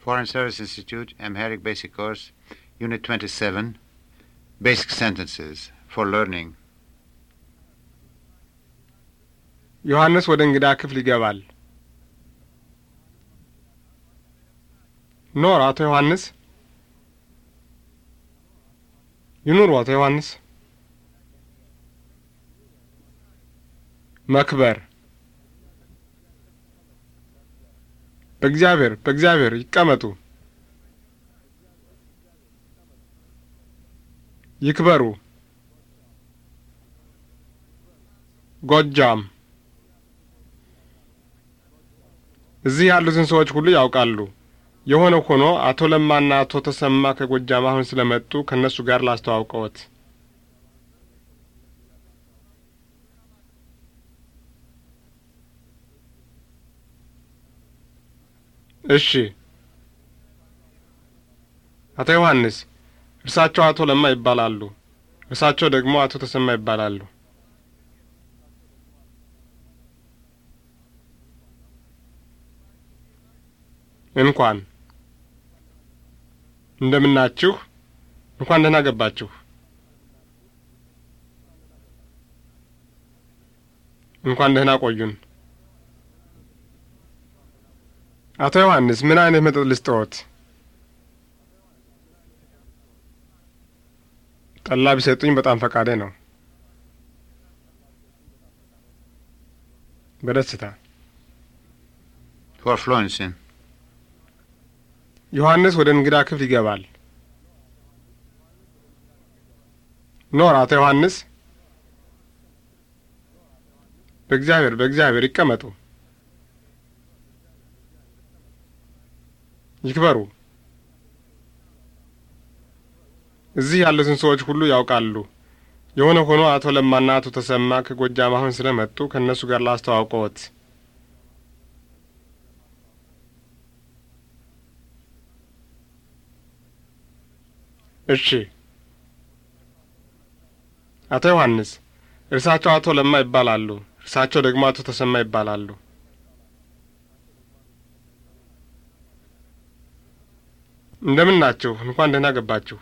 Foreign Service Institute, Amharic Basic Course, Unit 27, Basic Sentences for Learning. ዮሐንስ ወደ እንግዳ ክፍል Nor ኖር Johannes. ዮሐንስ ይኑሩ አቶ ዮሐንስ በእግዚአብሔር በእግዚአብሔር ይቀመጡ። ይክበሩ። ጎጃም እዚህ ያሉትን ሰዎች ሁሉ ያውቃሉ። የሆነ ሆኖ አቶ ለማና አቶ ተሰማ ከጎጃም አሁን ስለመጡ ከእነሱ ጋር ላስተዋውቀዎት። እሺ። አቶ ዮሐንስ፣ እርሳቸው አቶ ለማ ይባላሉ። እርሳቸው ደግሞ አቶ ተሰማ ይባላሉ። እንኳን እንደምናችሁ። እንኳን ደህና ገባችሁ። እንኳን ደህና ቆዩን። አቶ ዮሐንስ ምን አይነት መጠጥ ልስጥዎት? ጠላ ቢሰጡኝ በጣም ፈቃደ ነው። በደስታ ሆር ዮሐንስ ወደ እንግዳ ክፍል ይገባል። ኖር አቶ ዮሐንስ በእግዚአብሔር በእግዚአብሔር ይቀመጡ። ይክበሩ። እዚህ ያሉትን ሰዎች ሁሉ ያውቃሉ። የሆነ ሆኖ አቶ ለማና አቶ ተሰማ ከጎጃም አሁን ስለ መጡ ከእነሱ ጋር ላስተዋውቀዎት። እሺ። አቶ ዮሐንስ፣ እርሳቸው አቶ ለማ ይባላሉ። እርሳቸው ደግሞ አቶ ተሰማ ይባላሉ። እንደምን ናችሁ? እንኳን ደህና ገባችሁ።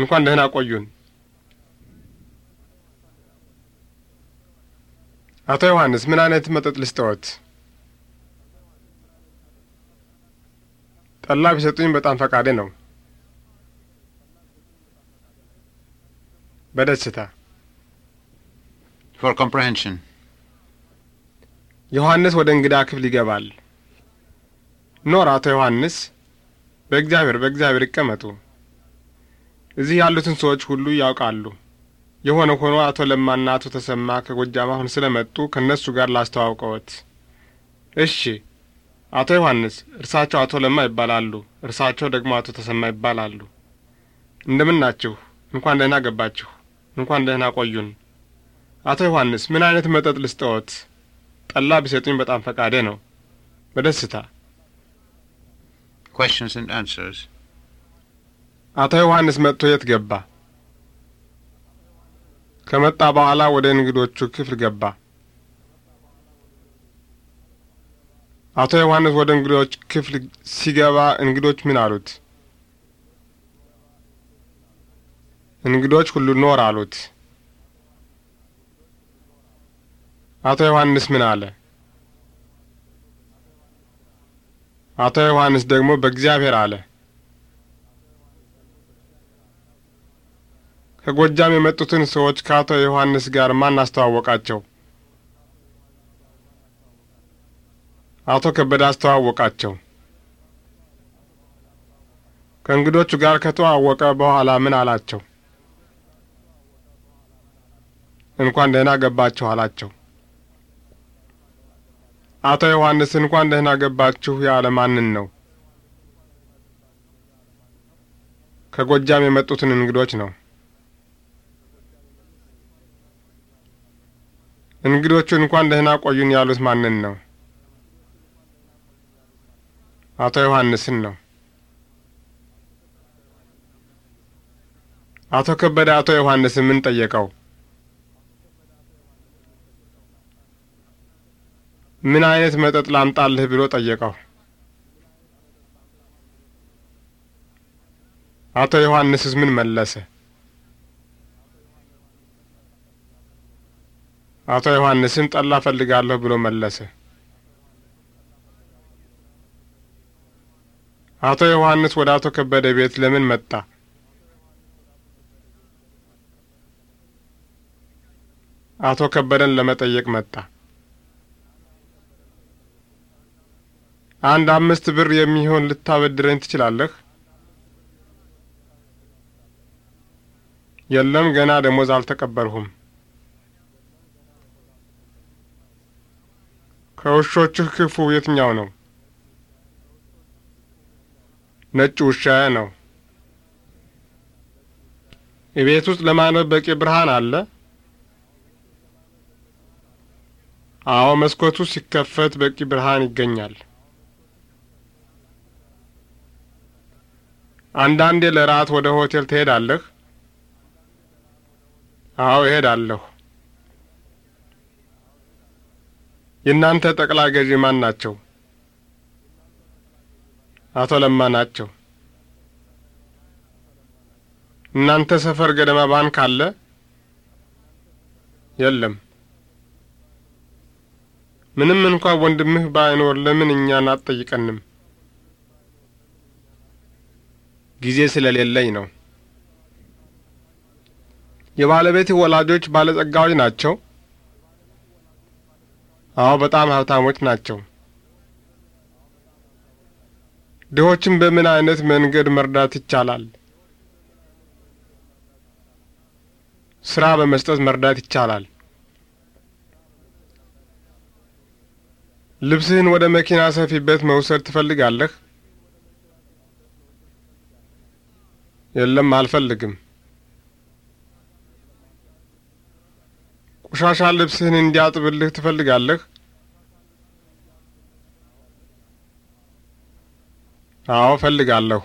እንኳን ደህና ቆዩን። አቶ ዮሐንስ ምን አይነት መጠጥ ልስጠዎት? ጠላ ቢሰጡኝ በጣም ፈቃዴ ነው። በደስታ ፎር ኮምፕሬንሽን ዮሐንስ ወደ እንግዳ ክፍል ይገባል። ኖር አቶ ዮሐንስ በእግዚአብሔር በእግዚአብሔር ይቀመጡ። እዚህ ያሉትን ሰዎች ሁሉ ያውቃሉ። የሆነ ሆኖ አቶ ለማና አቶ ተሰማ ከጎጃም አሁን ስለ መጡ ከእነሱ ጋር ላስተዋውቀዎት። እሺ። አቶ ዮሐንስ እርሳቸው አቶ ለማ ይባላሉ። እርሳቸው ደግሞ አቶ ተሰማ ይባላሉ። እንደምን እንደምናችሁ። እንኳን ደህና ገባችሁ። እንኳን ደህና ቆዩን። አቶ ዮሐንስ ምን አይነት መጠጥ ልስጠዎት? ጠላ ቢሰጡኝ በጣም ፈቃዴ ነው። በደስታ questions and answers. አቶ ዮሐንስ መጥቶ የት ገባ? ከመጣ በኋላ ወደ እንግዶቹ ክፍል ገባ። አቶ ዮሐንስ ወደ እንግዶች ክፍል ሲገባ እንግዶች ምን አሉት? እንግዶች ሁሉ ኖር አሉት። አቶ ዮሐንስ ምን አለ? አቶ ዮሐንስ ደግሞ በእግዚአብሔር አለ። ከጎጃም የመጡትን ሰዎች ከአቶ ዮሐንስ ጋር ማን አስተዋወቃቸው? አቶ ከበደ አስተዋወቃቸው። ከእንግዶቹ ጋር ከተዋወቀ በኋላ ምን አላቸው? እንኳን ደህና ገባችሁ አላቸው። አቶ ዮሐንስ እንኳን ደህና ገባችሁ ያለ ማንን ነው? ከጎጃም የመጡትን እንግዶች ነው። እንግዶቹ እንኳን ደህና ቆዩን ያሉት ማንን ነው? አቶ ዮሐንስን ነው። አቶ ከበደ አቶ ዮሐንስን ምን ጠየቀው? ምን አይነት መጠጥ ላምጣልህ ብሎ ጠየቀው። አቶ ዮሐንስስ ምን መለሰ? አቶ ዮሐንስም ጠላ ፈልጋለሁ ብሎ መለሰ። አቶ ዮሐንስ ወደ አቶ ከበደ ቤት ለምን መጣ? አቶ ከበደን ለመጠየቅ መጣ። አንድ አምስት ብር የሚሆን ልታበድረኝ ትችላለህ? የለም ገና ደሞዝ አልተቀበልሁም። ከውሾችህ ክፉ የትኛው ነው? ነጭ ውሻ ነው። ቤት ውስጥ ለማንበብ በቂ ብርሃን አለ? አዎ መስኮቱ ሲከፈት በቂ ብርሃን ይገኛል። አንዳንዴ ለራት ወደ ሆቴል ትሄዳለህ? አዎ እሄዳለሁ። የእናንተ ጠቅላይ ገዢ ማን ናቸው? አቶ ለማ ናቸው። እናንተ ሰፈር ገደማ ባንክ አለ? የለም። ምንም እንኳ ወንድምህ ባይኖር ለምን እኛን አትጠይቀንም? ጊዜ ስለሌለኝ ነው። የባለቤት ወላጆች ባለጸጋዎች ናቸው? አዎ፣ በጣም ሀብታሞች ናቸው። ድሆችን በምን አይነት መንገድ መርዳት ይቻላል? ስራ በመስጠት መርዳት ይቻላል። ልብስህን ወደ መኪና ሰፊበት መውሰድ ትፈልጋለህ? የለም አልፈልግም። ቆሻሻ ልብስህን እንዲያጥብልህ ትፈልጋለህ? አዎ እፈልጋለሁ።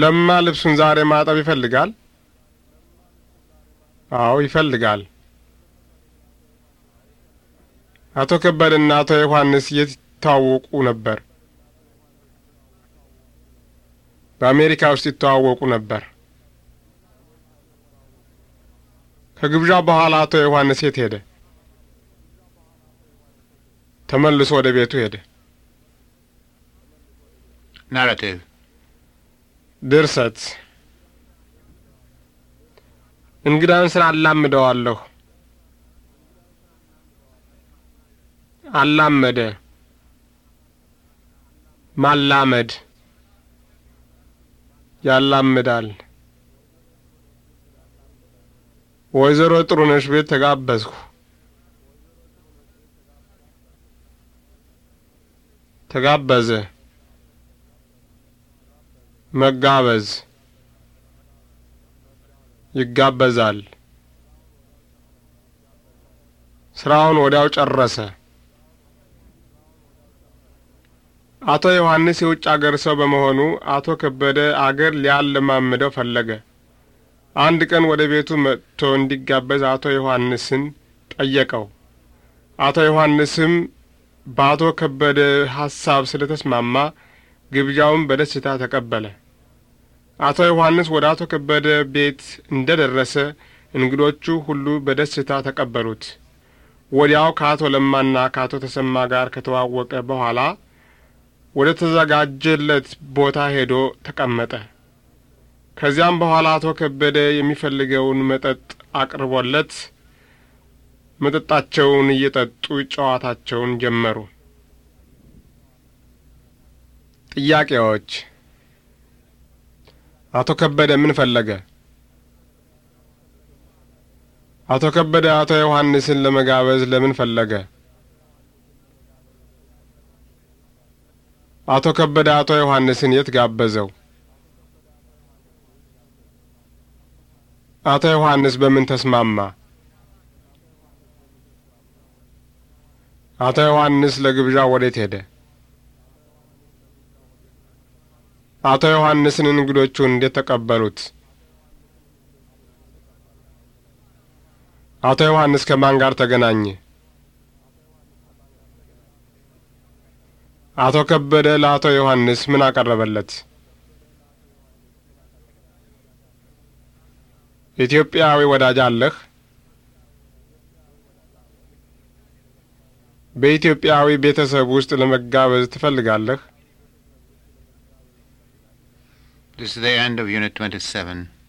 ለማ ልብሱን ዛሬ ማጠብ ይፈልጋል? አዎ ይፈልጋል። አቶ ከበደና አቶ ዮሐንስ የት ይታወቁ ነበር? በአሜሪካ ውስጥ ይተዋወቁ ነበር። ከግብዣ በኋላ አቶ ዮሐንስ የት ሄደ? ተመልሶ ወደ ቤቱ ሄደ። ናራቲቭ ድርሰት እንግዳን ስራ አላምደዋለሁ። አላመደ ማላመድ ያላምዳል። ወይዘሮ ጥሩነሽ ቤት ተጋበዝኩ። ተጋበዘ፣ መጋበዝ፣ ይጋበዛል። ስራውን ወዲያው ጨረሰ። አቶ ዮሐንስ የውጭ አገር ሰው በመሆኑ አቶ ከበደ አገር ሊያለማምደው ፈለገ። አንድ ቀን ወደ ቤቱ መጥቶ እንዲጋበዝ አቶ ዮሐንስን ጠየቀው። አቶ ዮሐንስም በአቶ ከበደ ሐሳብ ስለ ተስማማ ግብዣውን በደስታ ተቀበለ። አቶ ዮሐንስ ወደ አቶ ከበደ ቤት እንደ ደረሰ እንግዶቹ ሁሉ በደስታ ተቀበሉት። ወዲያው ከአቶ ለማና ከአቶ ተሰማ ጋር ከተዋወቀ በኋላ ወደ ተዘጋጀለት ቦታ ሄዶ ተቀመጠ። ከዚያም በኋላ አቶ ከበደ የሚፈልገውን መጠጥ አቅርቦለት መጠጣቸውን እየጠጡ ጨዋታቸውን ጀመሩ። ጥያቄዎች። አቶ ከበደ ምን ፈለገ? አቶ ከበደ አቶ ዮሐንስን ለመጋበዝ ለምን ፈለገ? አቶ ከበደ አቶ ዮሐንስን የት ጋበዘው? አቶ ዮሐንስ በምን ተስማማ? አቶ ዮሐንስ ለግብዣ ወዴት ሄደ? አቶ ዮሐንስን እንግዶቹ እንዴት ተቀበሉት? አቶ ዮሐንስ ከማን ጋር ተገናኘ? አቶ ከበደ ለአቶ ዮሐንስ ምን አቀረበለት? ኢትዮጵያዊ ወዳጅ አለህ? በኢትዮጵያዊ ቤተሰብ ውስጥ ለመጋበዝ ትፈልጋለህ? This is the end of Unit 27.